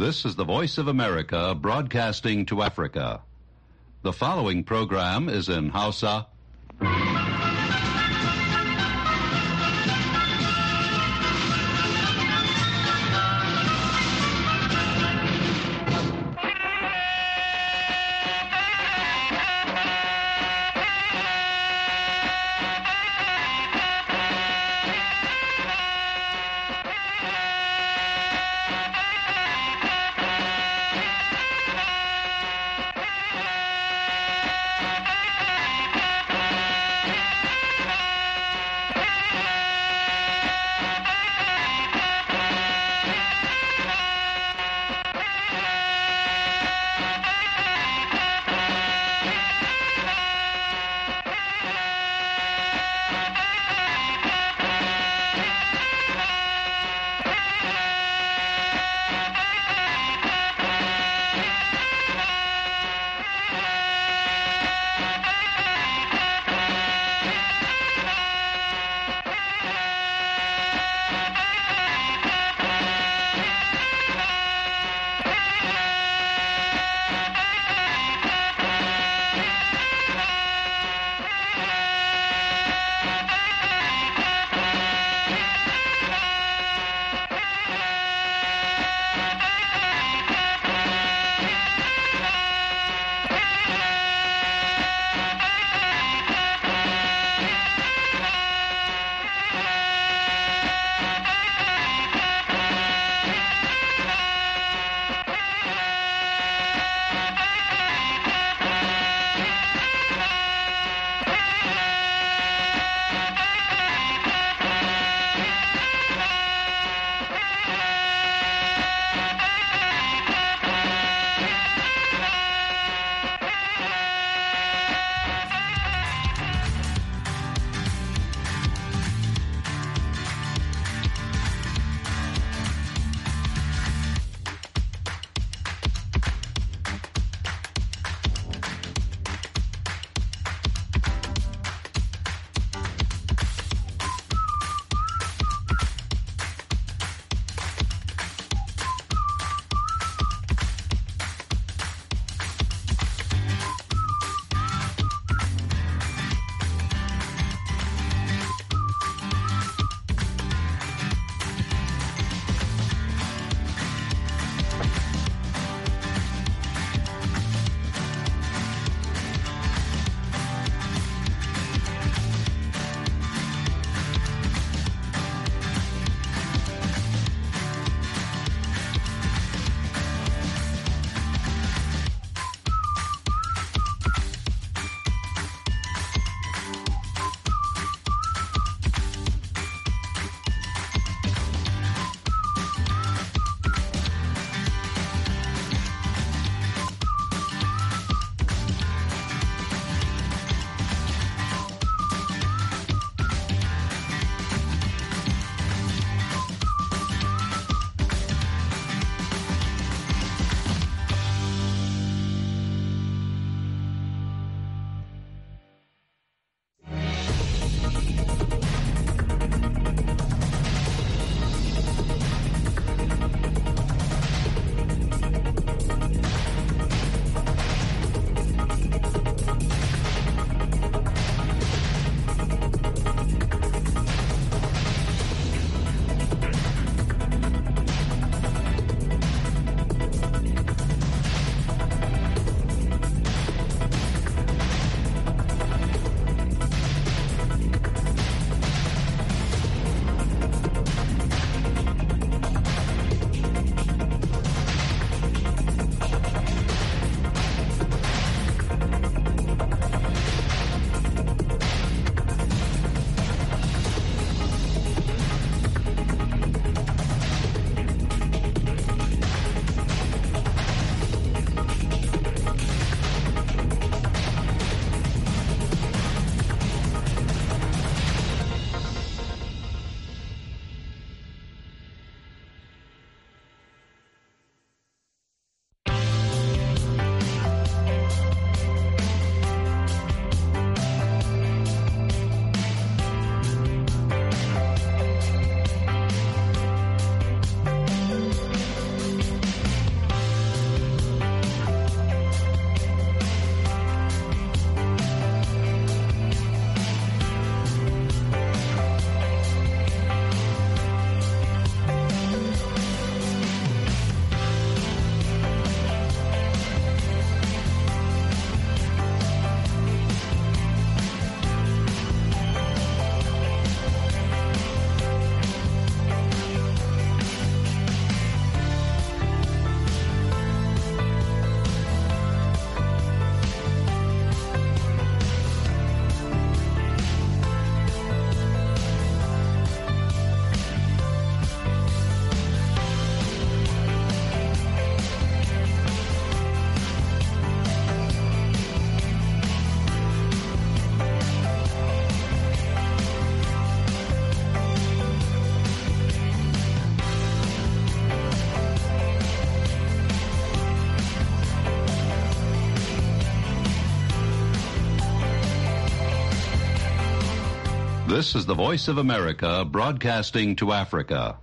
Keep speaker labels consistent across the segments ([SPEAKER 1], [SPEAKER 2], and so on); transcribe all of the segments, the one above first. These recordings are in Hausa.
[SPEAKER 1] This is the Voice of America broadcasting to Africa. The following program is in Hausa. This is the Voice of America broadcasting to Africa.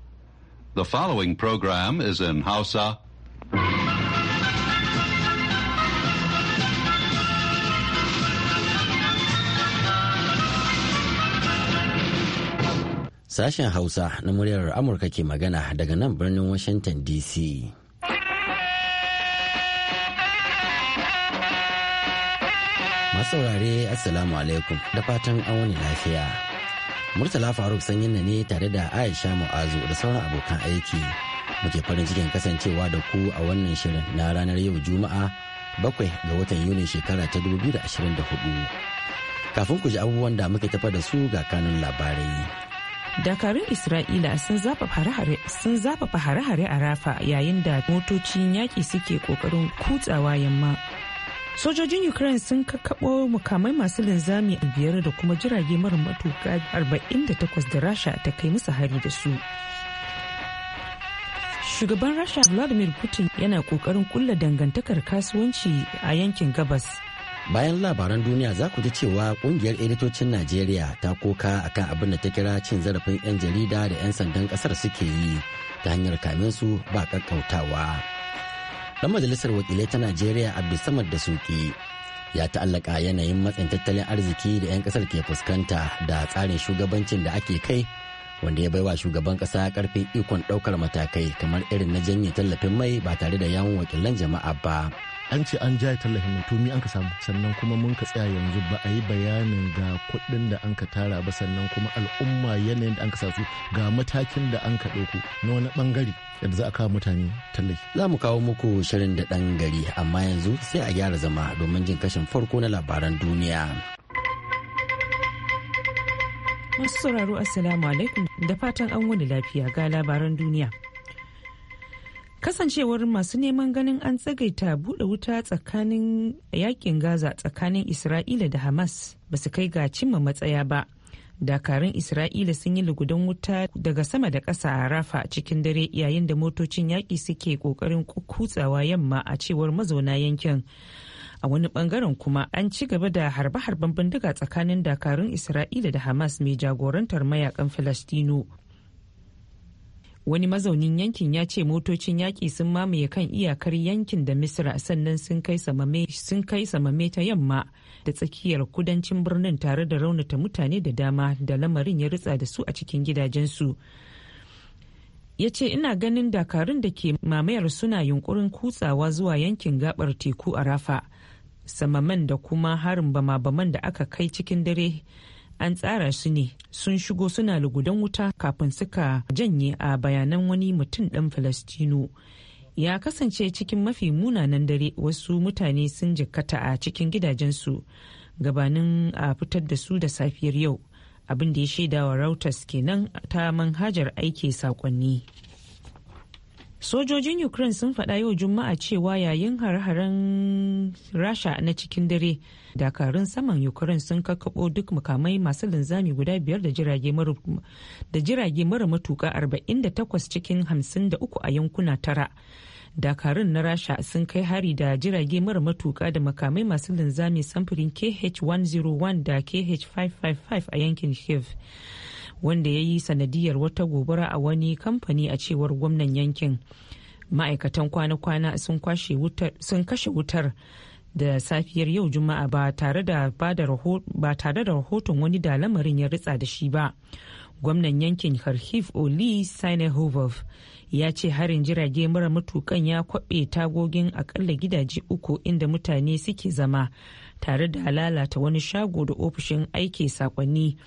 [SPEAKER 1] The following program is in Hausa.
[SPEAKER 2] Sashen Hausa na muryar Amurka ke magana daga nan birnin Washington DC. Masaurare, Assalamu alaikum da fatan an lafiya. Murtala Faruk sanyin na ne tare da Aisha Mu'azu da sauran abokan aiki. Muke farin cikin kasancewa da ku a wannan shirin na ranar yau Juma'a bakwai ga watan Yuni shekara ta 2024. Kafin ku ji abubuwan da muke tafa da su ga kanun labarai.
[SPEAKER 1] Dakarun Isra'ila sun zafafa hare-hare a Rafa yayin da motocin yaƙi suke ƙoƙarin kutsawa yamma. sojojin ukraine sun kakabo mukamai masu linzami biyar da kuma jirage mara matuka 48 da rasha ta kai musu hari da su shugaban rasha vladimir putin yana kokarin kulla dangantakar kasuwanci
[SPEAKER 2] a yankin gabas bayan labaran duniya za ku ji cewa kungiyar editocin najeriya ta koka akan abin da ta kira cin zarafin 'yan jarida da 'yan sandan kasar suke yi ta hanyar kamin su ba kakkautawa. dan majalisar wakilai ta najeriya abdulsamad da suki ya ta'allaka yanayin matsin tattalin arziki da 'yan kasar ke fuskanta da tsarin shugabancin da ake kai wanda ya baiwa shugaban kasa karfin ikon daukar matakai kamar irin na janye tallafin mai ba tare da yawon wakilan jama'a ba.
[SPEAKER 3] an ce an jaye tallafin mai tumi an ka samu sannan kuma mun ka tsaya yanzu ba a yi bayanin ga kuɗin da an ka tara ba sannan kuma al'umma yanayin da an ka su ga matakin da an ka ɗauko na wani ɓangare yadda za a kawo mutane tallafi. Za mu kawo muku shirin da ɗan gari amma yanzu sai a
[SPEAKER 2] gyara zama domin jin kashin farko na labaran duniya.
[SPEAKER 1] Masu sauraro Assalamu alaikum da fatan an wani lafiya ga labaran duniya. kasancewar masu neman ganin an tsagaita bude wuta tsakanin yakin gaza tsakanin isra'ila da hamas ba su kai ga cimma matsaya ba dakarun isra'ila sun yi lugudan wuta daga sama da ƙasa a rafa cikin dare yayin da motocin yaƙi suke ƙoƙarin kutsawa yamma a cewar mazauna yankin a wani bangaren kuma an ci gaba da harbe-harben bindiga tsakanin dakarun isra'ila da hamas mai jagorantar mayakan filastino wani mazaunin yankin ya ce motocin yaƙi sun mamaye kan iyakar yankin da misra sannan sun kai samame ta yamma da tsakiyar kudancin birnin tare da raunata mutane da dama da lamarin ya ritsa da su a cikin gidajensu ya ce ina ganin dakarun da ke mamayar suna yunkurin kutsawa zuwa yankin gabar teku a rafa samaman da kuma harin bama-baman da aka kai cikin dare an tsara su ne sun shigo suna lugudan wuta kafin suka janye a bayanan wani mutum ɗan falastino ya kasance cikin mafi munanan dare wasu mutane sun jikkata a cikin gidajensu gabanin a fitar da su da safiyar yau abin da ya shaidawa Reuters kenan ta manhajar aiki sakonni. sojojin ukraine sun faɗa yau juma'a cewa yayin har-haren rasha na cikin dare dakarun saman ukraine sun kakkaɓo duk makamai masu linzami guda biyar da jirage mara matuka 48 cikin 53 a yankuna tara dakarun na rasha sun kai hari da jirage mara matuka da makamai masu linzami samfurin kh-101 da kh-555 a yankin kyiv. wanda ya yi sanadiyar wata gobara a wani kamfani a cewar gwamnan yankin ma'aikatan kwana-kwana sun kashe wutar da safiyar yau juma'a ba tare da rahoton wani da lamarin ya ritsa da shi ba gwamnan yankin kharkiv oli sinehovov ya ce harin jirage mara matukan ya kwaɓe tagogin akalla gidaje uku inda mutane suke zama tare da lalata wani shago da ofishin aiki sakonni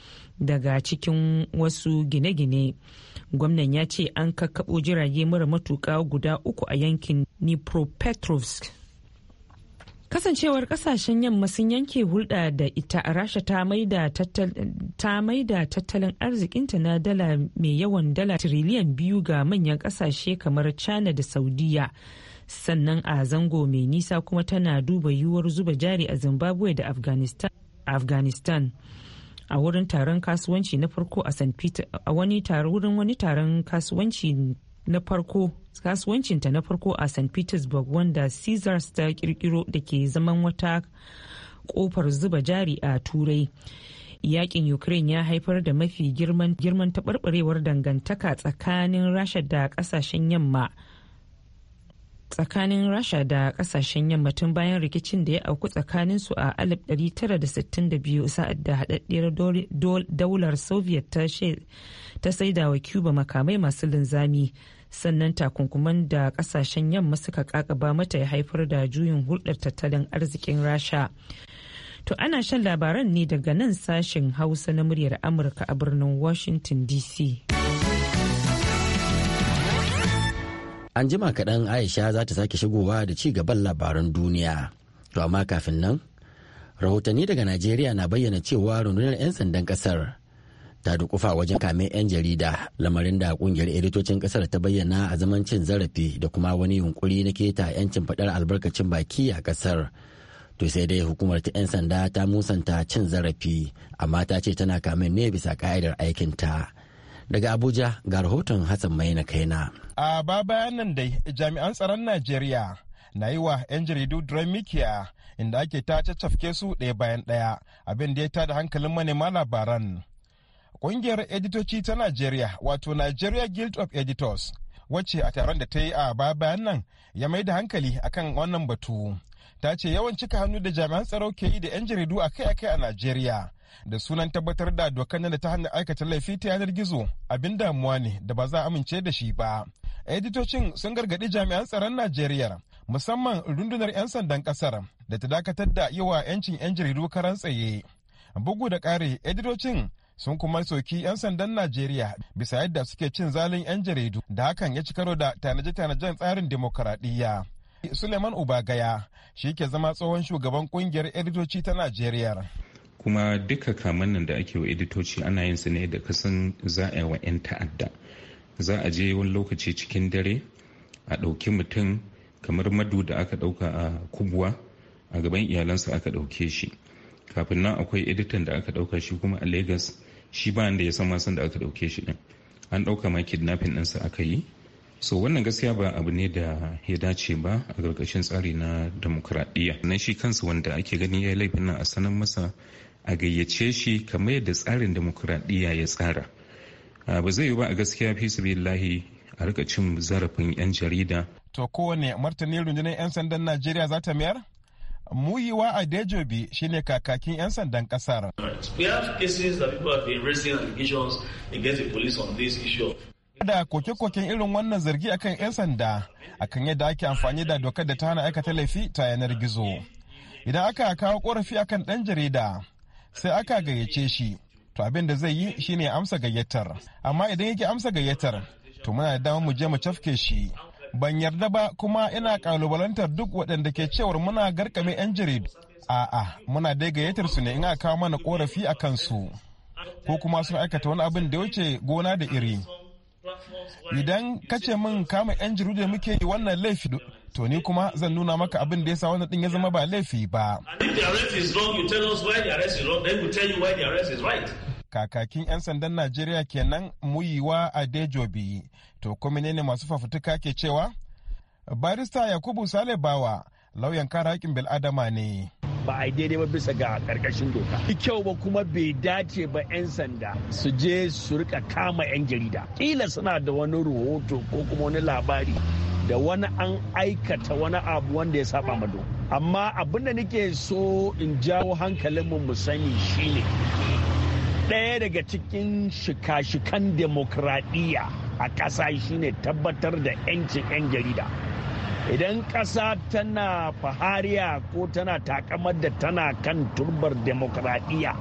[SPEAKER 1] daga cikin wasu gine-gine gwamnan ya ce an kakkabo jirage mara matuka guda uku a yankin nipropetrovsk kasancewar kasashen yamma sun yanke hulɗa da ita a rasha ta maida tattalin arzikinta na dala mai yawan dala tiriliyan biyu ga manyan kasashe kamar china da saudiya sannan a zango mai nisa kuma tana duba yiwuwar zuba jari a zimbabwe da afghanistan a wurin taron kasuwanci na farko a st peter a wani taron kasuwanci na farko kasuwancinta na farko a st petersburg wanda caesars ta kirkiro da ke zaman wata kofar zuba jari a turai yakin ukraine ya haifar da mafi girman taɓarɓarewar dangantaka tsakanin rasha da ƙasashen yamma tsakanin rasha da kasashen yamma tun bayan rikicin da ya auku tsakanin su a 1962 sa'ad da haɗaɗɗiyar daular soviet ta saida wa cuba makamai masu linzami sannan takunkuman da kasashen yamma suka ba mata ya haifar da juyin hulɗar tattalin arzikin rasha to ana shan labaran ne daga nan sashen hausa na muryar amurka a birnin washington dc
[SPEAKER 2] An jima kaɗan Aisha za ta sake shigowa da ci gaban labaran duniya. To amma kafin nan, rahotanni daga Najeriya na bayyana cewa rundunar 'yan sandan ƙasar ta dukufa wajen kame 'yan jarida lamarin da kungiyar editocin ƙasar ta bayyana a zaman cin zarafi da kuma wani yunkuri na keta 'yancin faɗar albarkacin baki a ƙasar. to sai dai hukumar ta 'yan sanda ta musanta cin zarafi amma ta ce tana kamen ne bisa ka'idar aikinta Daga Abuja ga rahoton Hassan Maina Kaina.
[SPEAKER 4] A ba bayan nan dai jami'an tsaron Najeriya na yi wa 'yan jaridu mikiya inda ake ta caccafke su ɗaya bayan ɗaya abin da ya tada hankalin manema labaran. Ƙungiyar editoci ta Najeriya wato Nigeria Guild of Editors wacce a taron da ta yi a ba bayan nan ya mai da hankali akan wannan batu. Ta ce yawan cika hannu da jami'an tsaro ke yi da 'yan jaridu akai-akai a Najeriya da sunan tabbatar da dokar da ta hana aikata laifi ta yanar gizo abin damuwa ne da ba za a amince da shi ba editocin sun gargaɗi jami'an tsaron najeriya musamman rundunar 'yan sandan ƙasar da ta dakatar da yawa 'yancin 'yan jaridu karan tsaye bugu da ƙari editocin sun kuma soki 'yan sandan Najeriya bisa yadda suke cin zalin 'yan jaridu da hakan ya ci karo da tanaje-tanajen tsarin demokaradiyya. Suleiman Ubagaya shi ke zama tsohon shugaban ƙungiyar editoci ta Najeriya.
[SPEAKER 5] kuma duka kamar nan da ake wa editoci ana yin su ne da kasan za a yi wa 'yan ta'adda za a je wani lokaci cikin dare a ɗauki mutum kamar madu da aka ɗauka a Kubwa, a gaban iyalansa aka ɗauke shi kafin nan akwai editan da aka ɗauka shi kuma a Legas shi ba da ya san masan da aka ɗauke shi ɗin an ɗauka ma kidnapping ɗinsa aka yi so wannan gaskiya ba abu ne da ya dace ba a gargashin tsari na demokuraɗiyya na shi kansa wanda ake gani ya yi laifin nan a sanar masa a gayyace shi kamar yadda tsarin demokuraɗiyya ya tsara ah, ba zai yi ba a gaskiya fi billahi a rika cin zarafin 'yan jarida
[SPEAKER 4] to kowane martani rundunar 'yan sandan najeriya za ta mayar muyiwa a dejobi shine kakakin 'yan sandan kasar da koke-koken irin wannan zargi akan 'yan sanda akan yadda ake amfani da dokar da ta hana aikata laifi ta yanar gizo idan aka kawo korafi akan dan jarida sai aka gayyace shi to abin da zai yi shine ya amsa gayyatar amma idan yake amsa gayyatar to muna da damar mu je mu cafke shi ban yarda ba kuma ina kalubalantar duk waɗanda ke cewar muna garkame 'yan jaridu a'a muna dai gayyatar su ne in aka kawo mana korafi a kansu ko kuma sun aikata wani abin da ya wuce gona da iri Idan ka ce min kama 'yan jirude muke yi wannan laifi to ni kuma zan nuna maka abin da ya sa wannan din ya zama ba laifi ba. Kakakin 'yan sandan Najeriya kenan muyiwa a Dejobi, to kuma ne masu fafutuka ke cewa? Barista Yakubu Sale Bawa, lauyan kara haƙƙin bil'adama ne. ba a daidai ba bisa ga karkashin doka kyau ba kuma bai dace ba 'yan sanda su je su rika kama 'yan jarida kila suna da wani rahoto ko kuma wani labari da wani an aikata wani abu wanda ya saba doka. amma abin da nake so in jawo hankalin mu sani shine ɗaya daga cikin shika-shikan demokradiyya a ƙasa shine tabbatar da 'yancin 'yan jarida idan ƙasa tana fahariya ko tana takamar da tana kan turbar demokradiyya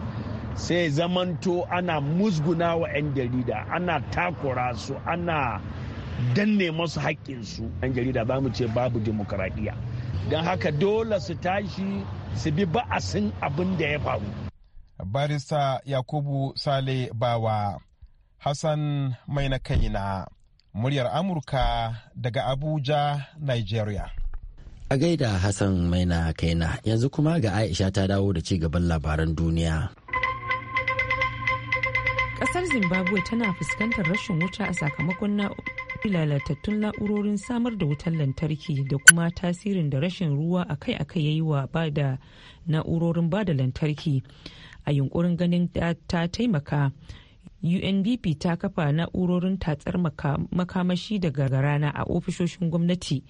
[SPEAKER 4] sai zamanto ana musguna wa 'yan jarida ana takura su ana danne masu haƙƙinsu 'yan jarida ba mu ce babu demokradiyya don haka dole su tashi su bi ba'asin abin da ya faru barista yakubu sale bawa hassan mai na kaina muryar amurka daga abuja nigeria
[SPEAKER 2] a gaida hassan maina kaina yanzu kuma ga aisha ta dawo da ci gaban labaran duniya
[SPEAKER 1] kasar zimbabwe tana fuskantar rashin wuta a sakamakon lalatattun na'urorin samar da wutar lantarki da kuma tasirin da rashin ruwa akai-akai yayi yi wa da na'urorin bada lantarki a yunkurin ganin ta taimaka UNDP ta kafa na'urorin tatsar makamashi daga rana a ofishoshin gwamnati.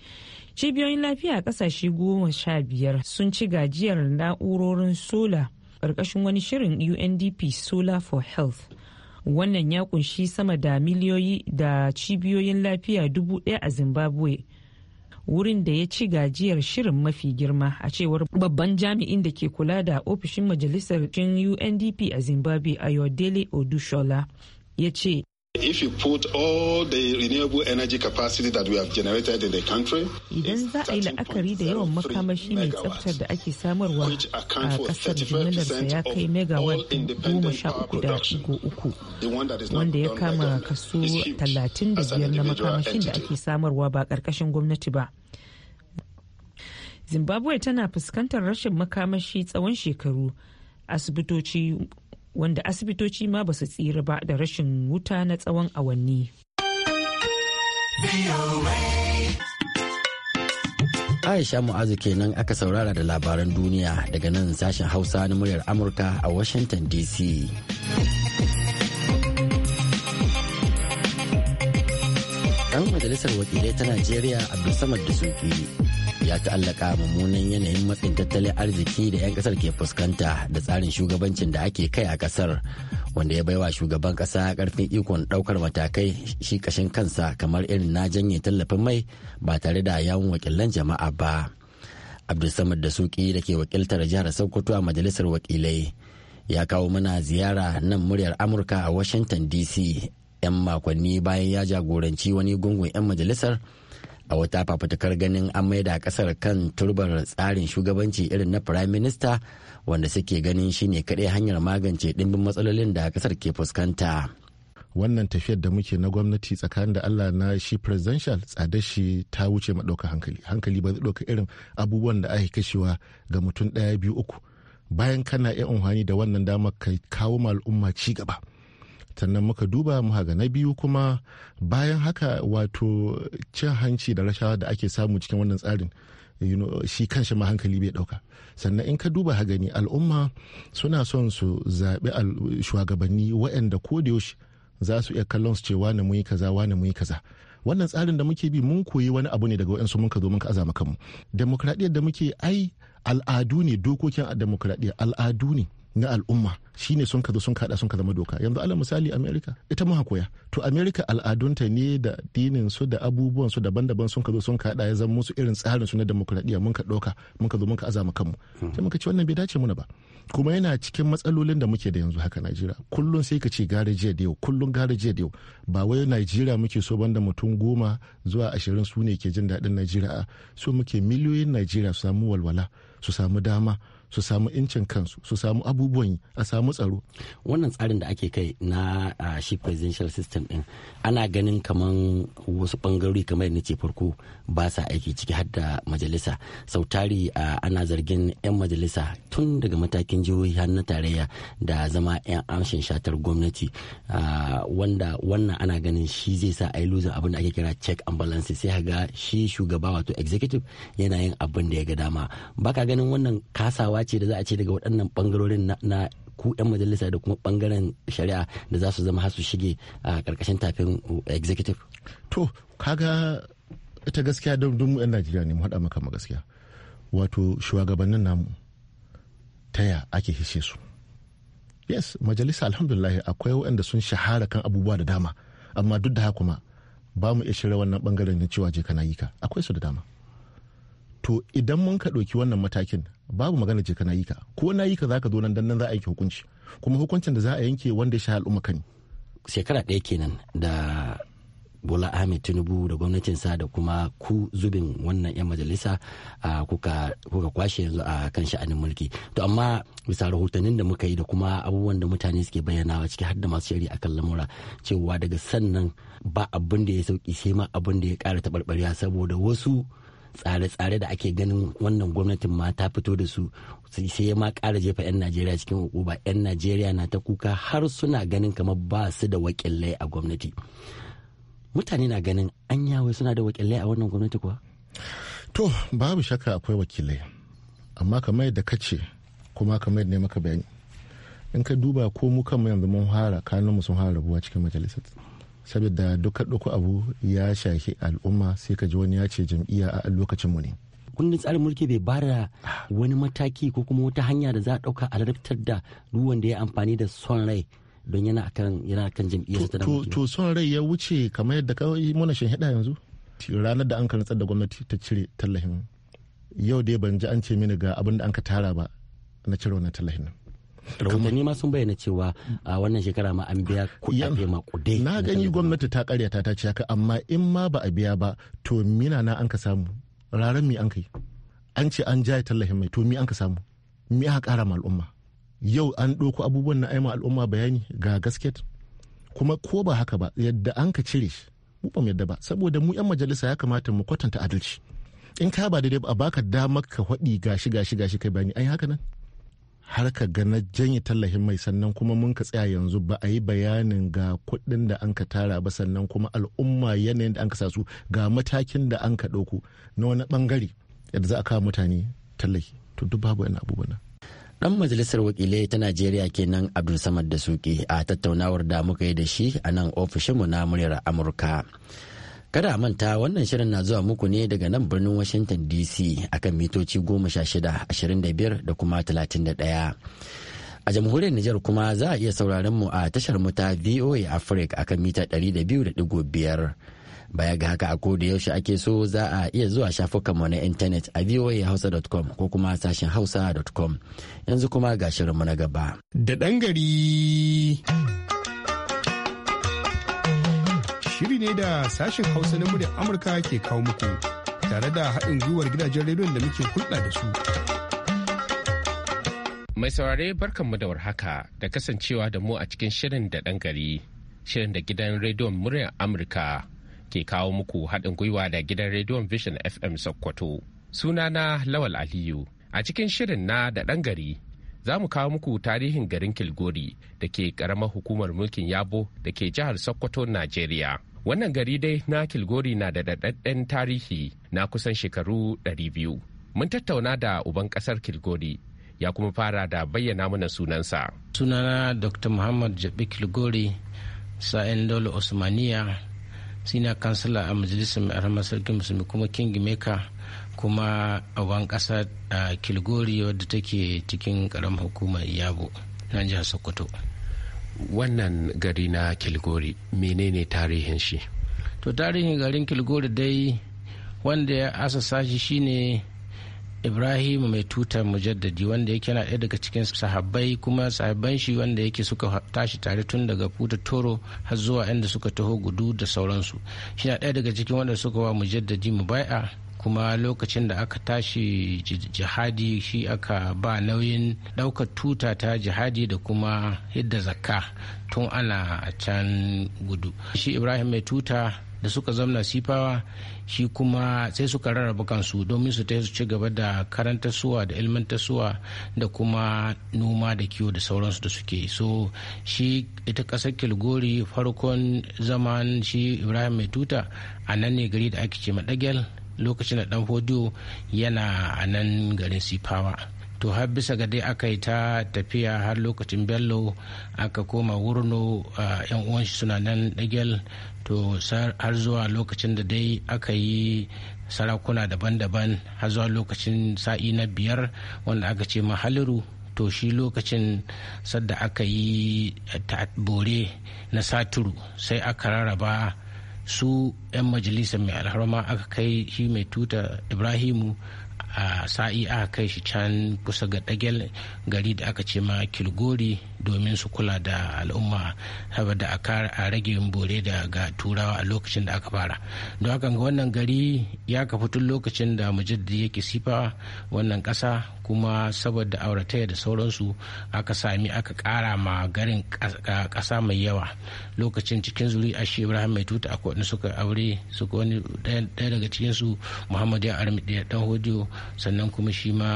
[SPEAKER 1] Cibiyoyin lafiya a kasashe goma sha biyar sun ci gajiyar na'urorin sola ƙarƙashin wani shirin UNDP Solar for Health. Wannan ya kunshi sama da miliyoyi da cibiyoyin lafiya dubu ɗaya a Zimbabwe. wurin da ya ci gajiyar shirin mafi girma a cewar babban jami'in da ke kula da ofishin majalisar undp a zimbabwe ayodele odushola ya ce
[SPEAKER 4] Idan
[SPEAKER 1] za a yi la'akari da yawan makamashi mai tsaftar da ake samarwa a kasar jimillarsa ya kai megawatt goma sha uku da uku wanda ya kama kaso talatin da biyar na makamashin da ake samarwa ba ƙarƙashin gwamnati ba. Zimbabwe tana fuskantar rashin makamashi tsawon shekaru. asibitoci wanda asibitoci ma ba su tsira ba da rashin wuta na tsawon awanni.
[SPEAKER 2] Aisha Mu'azu kenan aka saurara da labaran duniya daga nan sashen Hausa na muryar Amurka a Washington DC. Ɗan majalisar wakilai ta Najeriya da Sufi. ya ta'allaka mummunan yanayin matsin tattalin arziki da 'yan kasar ke fuskanta da tsarin shugabancin da ake kai a kasar wanda ya baiwa shugaban kasa karfin ikon daukar matakai shi kashin kansa kamar irin na janye tallafin mai ba tare da yawun wakilan jama'a ba abdulsamad da suki da ke wakiltar jihar sokoto a majalisar wakilai ya kawo mana ziyara nan muryar amurka a washington dc 'yan makonni bayan ya jagoranci wani gungun 'yan majalisar a wata fafutukar ganin an maida kasar kan turbar tsarin shugabanci irin na prime minister wanda suke ganin shine kaɗai hanyar magance ɗimbin matsalolin da kasar ke
[SPEAKER 3] fuskanta wannan tafiyar da muke na gwamnati tsakanin da Allah na shi presidential tsada shi ta wuce maɗauka hankali hankali ba zai ɗauka irin abubuwan da ake kashewa ga mutum ɗaya biyu uku bayan kana iya amfani da wannan damar ka kawo ma al'umma ci gaba sannan muka duba muka ga na biyu kuma bayan haka wato cin hanci da rashawa da ake samu cikin wannan tsarin shi kanshi ma hankali bai dauka sannan in ka duba hagani al'umma suna son su zaɓi shugabanni waɗanda ko da yaushe za su iya kallon su ce wani muyi kaza wani muyi kaza wannan tsarin da muke bi mun koyi wani abu ne daga waɗansu mun ka zo mun ka azama kanmu demokradiyyar da muke ai al'adu ne dokokin demokradiyyar al'adu ne na al'umma shine sun ka sun kada sun ka zama doka yanzu alal misali america ita ma koya to america al'adunta ne da dinin su da abubuwan su daban-daban sun ka zo sun kada ya zama musu irin tsarin su na demokradiyya mun ka doka mun ka zo mun ka azama kanmu hmm. sai muka ce wannan bai dace muna ba kuma yana cikin matsalolin da muke da yanzu haka najeriya kullum sai ka ce gare jiya da yau kullum gare da yau ba wai najeriya muke so banda mutum goma zuwa ashirin su ne ke jin daɗin najeriya so muke miliyoyin najeriya su samu walwala su samu dama su samu incin kansu su samu abubuwan a samu tsaro wannan tsarin da ake kai
[SPEAKER 2] na shi presidential system din ana ganin kamar wasu bangarori kamar na ce farko ba sa aiki ciki har da majalisa sau sautari ana zargin 'yan majalisa tun daga matakin jihohi har na tarayya da zama 'yan amshin shatar gwamnati wanda wannan ana ganin shi zai sa a yi losing abin da ake kira check and balance sai ga shi shugaba wato executive yana yin abin da ya ga dama baka ganin wannan kasawa ganawa ce da za a ce daga waɗannan bangarorin na ku 'yan majalisa da kuma bangaren shari'a da za su zama har su shige a ƙarƙashin tafin executive
[SPEAKER 3] to kaga ita gaskiya don mu 'yan najeriya ne mu haɗa maka ma gaskiya wato shugabannin namu taya ake hishe su yes majalisa alhamdulillah akwai waɗanda sun shahara kan abubuwa da dama amma duk da haka kuma ba mu iya shirya wannan bangaren na cewa je kana yi ka akwai su da dama to idan mun ka ɗauki wannan matakin babu magana ce kana yi ka ko na yi ka zaka zo nan dan nan za a yi hukunci kuma hukuncin da za a yanke wanda ya sha al'umma kani
[SPEAKER 2] shekara ɗaya kenan da bola ahmed tinubu da gwamnatin sa da kuma ku zubin wannan 'yan majalisa a kuka, kwashe yanzu a kan sha'anin mulki to amma bisa rahotannin da muka yi da kuma abubuwan da mutane suke bayyanawa ciki har da masu shari kan lamura cewa daga sannan ba abin da ya sauki sai ma abin da ya kara taɓarɓariya saboda wasu tsare-tsare da ake ganin wannan gwamnatin ma ta fito da su sai ya ma kara jefa 'yan najeriya cikin hukuma 'yan najeriya na ta kuka har suna ganin kamar ba su da wakilai a gwamnati mutane na ganin an yawai suna da wakilai
[SPEAKER 3] a wannan gwamnati kuwa to babu shakka akwai wakilai amma kamar yadda ka ce kuma kamar yadda ne maka bayani in ka duba ko mu kanmu yanzu mun hara kanunmu sun hara rabuwa cikin majalisar saboda duka duka abu ya shafi al'umma sai ka ji wani ya ce jam'iyya a lokacin mu ne
[SPEAKER 2] kundin tsarin mulki bai ba da wani mataki ko kuma wata hanya da za a dauka a larabtar da duk wanda ya amfani da son rai don yana akan yana akan jam'iyyar ta
[SPEAKER 3] to son rai ya wuce kamar yadda kawai mana shin hada yanzu ranar da an ka da gwamnati ta cire tallafin yau dai ban ji an ce mini ga abin da an ka tara ba na cire wannan tallafin rahotanni ma sun bayyana cewa a wannan shekara ma an biya kuɗaɗe maƙudai na gani gwamnati ta karyata ta ce haka amma in ma ba a biya ba to mina na an ka samu raran mi an kai an ce an jaye tallafin mai to mi an ka samu mi aka ƙara ma al'umma yau an ɗauko abubuwan na aima al'umma bayani ga gasket kuma ko ba haka ba yadda an ka cire shi mu ba mu yadda ba saboda mu 'yan majalisa ya kamata mu kwatanta adalci in ka ba daidai ba baka damar ka haɗi gashi gashi gashi kai bayani ai haka nan harka ga na janye tallafin mai sannan kuma mun ka tsaya yanzu ba a yi bayanin ga kuɗin da an ka tara ba sannan kuma al'umma yanayin da an ka sa su ga matakin da an ka ɗauku na wani ɓangare yadda za a kawo mutane tallafi to duk babu yana abubuwa
[SPEAKER 2] Dan majalisar wakilai ta Najeriya kenan Abdul Samad da suke a tattaunawar da muka yi da shi a nan ofishinmu na muryar Amurka. Kada manta wannan shirin na zuwa muku ne daga nan birnin Washington DC akan mitoci goma sha shida, ashirin da biyar, da kuma talatin da ɗaya. A jamhuriyar Nijar kuma za a iya sauraron mu a tashar mu ta VOA Africa akan mita ɗari da da biyu 200.5. Baya ga haka a da yaushe ake so za a iya zuwa shafukanmu na intanet a voahausa.com ko kuma sashen hausa.com. Yanzu kuma ga mu na gaba.
[SPEAKER 4] Da ɗan gari. shiri ne da sashen hausa na muryar amurka ke kawo muku tare da haɗin gwiwar gidajen rediyon da muke hulɗa da su
[SPEAKER 5] mai saurare barkanmu da warhaka da kasancewa da mu a cikin shirin da ɗan gari shirin da gidan rediyon muryar amurka ke kawo muku haɗin gwiwa da gidan rediyon vision fm sokoto sunana lawal aliyu a cikin shirin na da ɗan gari za mu kawo muku tarihin garin kilgori da ke karamar hukumar mulkin yabo da ke jihar sokoto najeriya Wannan gari dai na Kilgori na da daɗaɗɗen tarihi na kusan shekaru 200. Mun tattauna da uban ƙasar Kilgori ya kuma fara da bayyana mana sunansa.
[SPEAKER 6] Sunana Dr. Muhammad Jabi Kilgori sa'in dole Osmaniya sina kansala a majalisar mai arama sarkin musulmi kuma king kingmaker kuma uban ƙasar Kilgori wadda take cikin ƙaramar hukumar Yabo na jihar Sokoto. wannan
[SPEAKER 5] gari na kilgori menene tarihin shi
[SPEAKER 6] to tarihin garin kilgori dai wanda ya asasa shi shine ibrahim mai tutar mujaddadi wanda yake na daya daga cikin sahabbai kuma sahabban shi wanda yake suka tashi tare tun daga puta toro har zuwa inda suka taho gudu da sauransu shi na daya daga cikin wanda suka wa mujaddadi mu mubai'a kuma lokacin da aka tashi jihadi shi aka ba nauyin ɗaukar tuta ta jihadi da kuma hidda zakka tun ana can gudu shi ibrahim mai tuta da suka zamna sifawa shi kuma sai suka rarraba kansu domin su ta su ci gaba da suwa da ilmantarsuwa da kuma noma da kiwo da sauransu da suke so shi ita kasar kilgori farkon zaman shi ibrahim mai tuta a nan ne gari da ake ce madagel lokacin da dan hodiyo yana a nan garin sifawa to har bisa ga dai aka yi ta tafiya har lokacin bello aka koma wurno yan uwan shi suna nan dagel to har zuwa lokacin da dai aka yi sarakuna daban-daban har zuwa lokacin sa'i na biyar wanda aka ce mahaliru to shi lokacin sadda aka yi bore na saturu sai aka rarraba su 'yan majalisar mai alharma aka kai shi mai tuta ibrahimu a sa'i aka kai shi can kusa ga dagel gari da aka ce ma kilgori domin su kula da al'umma saboda a rage bore da ga turawa a lokacin da aka fara don haka ga wannan gari ya kafa tun lokacin da mujaddadi yake sifa wannan kasa kuma saboda aurataya da sauransu aka sami aka kara ma garin kasa mai yawa lokacin cikin zuri a shi ibrahim mai tuta akwai wani suka aure suka wani daya daga cikinsu muhammadu ya armi ɗaya dan hodiyo sannan kuma shi ma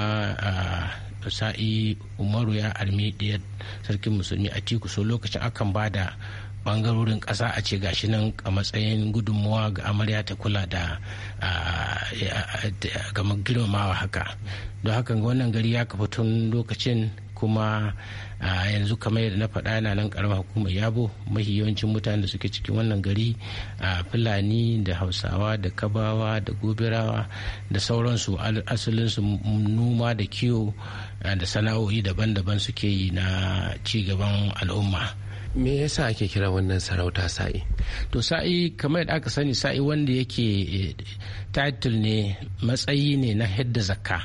[SPEAKER 6] sa'i umaru ya armi ɗaya sarkin musulmi a tiku so lokacin akan ba da bangarorin ƙasa a ce gashi nan a matsayin gudunmuwa ga amarya ta kula da gama girmamawa haka don hakan wannan gari ya kafa tun lokacin kuma a yanzu kamar yadda na faɗa yana nan karamar hukumar yabo mahi yawancin mutanen da suke cikin wannan gari a fulani da hausawa da kabawa da gobirawa da sauransu asalinsu noma da kiwo da sana'o'i daban-daban suke yi na ci gaban al'umma me yasa ake kira wannan sarauta sa'i to sa'i kamar yadda aka sani sa'i wanda yake eh, title ne matsayi ne na hidda zakka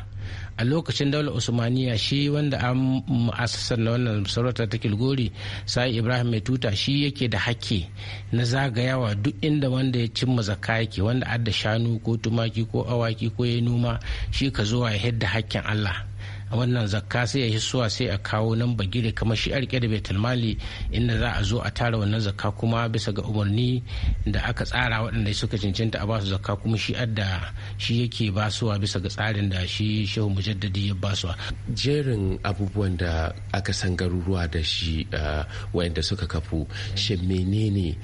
[SPEAKER 6] a lokacin daular usmaniya shi wanda an mu'asasar na wannan sarauta ta kilgori sai ibrahim mai tuta shi yake da hakki na zagayawa duk inda wanda ya cimma zakka yake wanda adda shanu ko tumaki ko awaki ko ya noma shi ka zuwa ya hidda hakkin allah a wannan zakka sai ya suwa sai a kawo nan bagire kamar shi a rike da betulmali inda za a zo a tara wannan zakka kuma bisa ga umarni da aka tsara waɗanda suka cancanta a ba su zakka kuma shi adda shi yake basuwa bisa ga tsarin da shi shehu mujaddadi ya basuwa
[SPEAKER 5] jerin abubuwan da aka san garuruwa da shi eh, wayanda suka kafu shin menene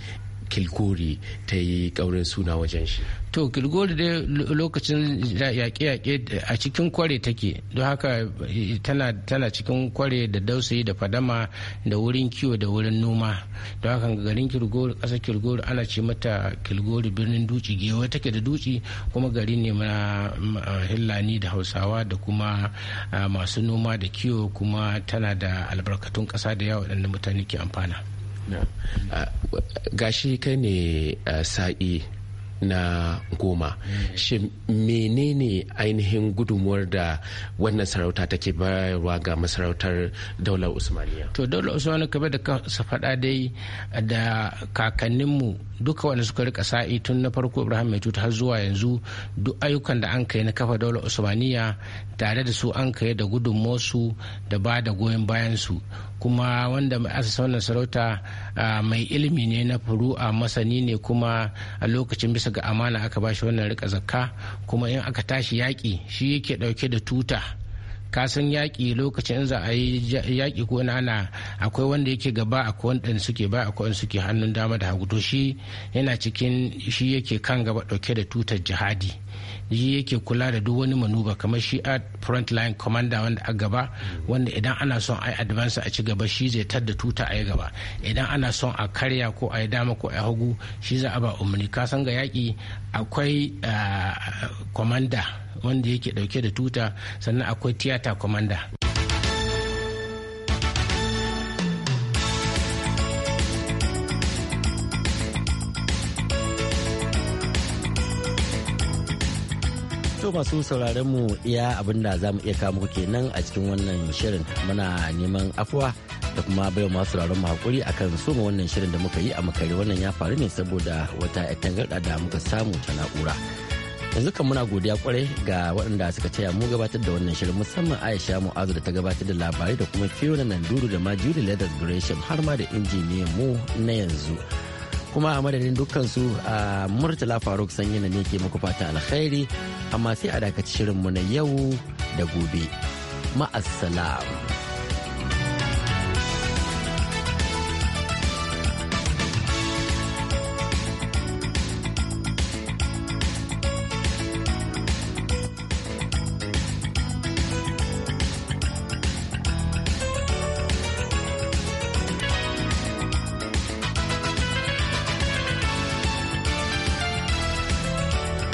[SPEAKER 5] kilgori ta yi ƙaurin suna wajen shi to kilgori
[SPEAKER 6] dai lokacin yaƙe-yaƙe a cikin kware take don haka e, tana cikin kware da dausayi da fadama da wurin kiwo da wurin noma don haka garin kilgori ƙasa kilgori ana ce mata kilgori birnin duci gewa take da duci kuma gari ne na hillani da hausawa da kuma masu noma da kiwo kuma tana da albarkatun ƙasa da yawa waɗanda mutane ke amfana
[SPEAKER 5] Ah, gashi kai ne ah, sa'i na goma hmm. shi menene ainihin gudunmuwar da wannan sarauta take bayarwa ga masarautar daular usmaniya
[SPEAKER 6] to daular usmaniya kamar da kansa faɗa dai da kakanninmu duka wanda suka rika sa'i tun na farko ibrahim mai har zuwa yanzu duk ayyukan da an kai na kafa daular usmaniya tare da su an kai da gudunmosu da ba da goyon bayansu kuma wanda asa wannan sarauta mai ilimi ne na furu'a masani ne kuma a lokacin bisa ga amana aka ba shi wannan rika zakka kuma in aka tashi yaƙi shi yake ɗauke da tuta kasan yaƙi lokacin za a yi yaƙi ko ana akwai wanda yake gaba akwai wanda suke ba a suke hannun dama da hagu to shi yana cikin shi yake kan gaba ɗauke da tutar jihadi shi yake kula da duk wani manuba kamar shi a front line commander wanda a gaba wanda idan ana son a yi advance a ci gaba shi zai da tuta a gaba idan ana son a karya ko a yi dama ko a hagu shi za a ba umarni ka san ga yaki akwai commander wanda yake dauke da tuta sannan akwai tiyata commander
[SPEAKER 2] masu sauraron mu iya abin da za mu iya kawo muku kenan a cikin wannan shirin muna neman afuwa da kuma bai masu sauraron mu hakuri akan soma wannan shirin da muka yi a makare wannan ya faru ne saboda wata tangarɗa da muka samu ta na'ura. yanzu kan muna godiya kwarai ga waɗanda suka taya mu gabatar da wannan shirin musamman aisha mu'azu da ta gabatar da labarai da kuma fiona nanduru da ma julie leather gresham har ma da injiniyan mu na yanzu. kuma a madadin dukkansu a murtala faruk sanyi ne ke muku fata alkhairi amma sai a dakaci shirinmu na yau da gobe ma'assalam.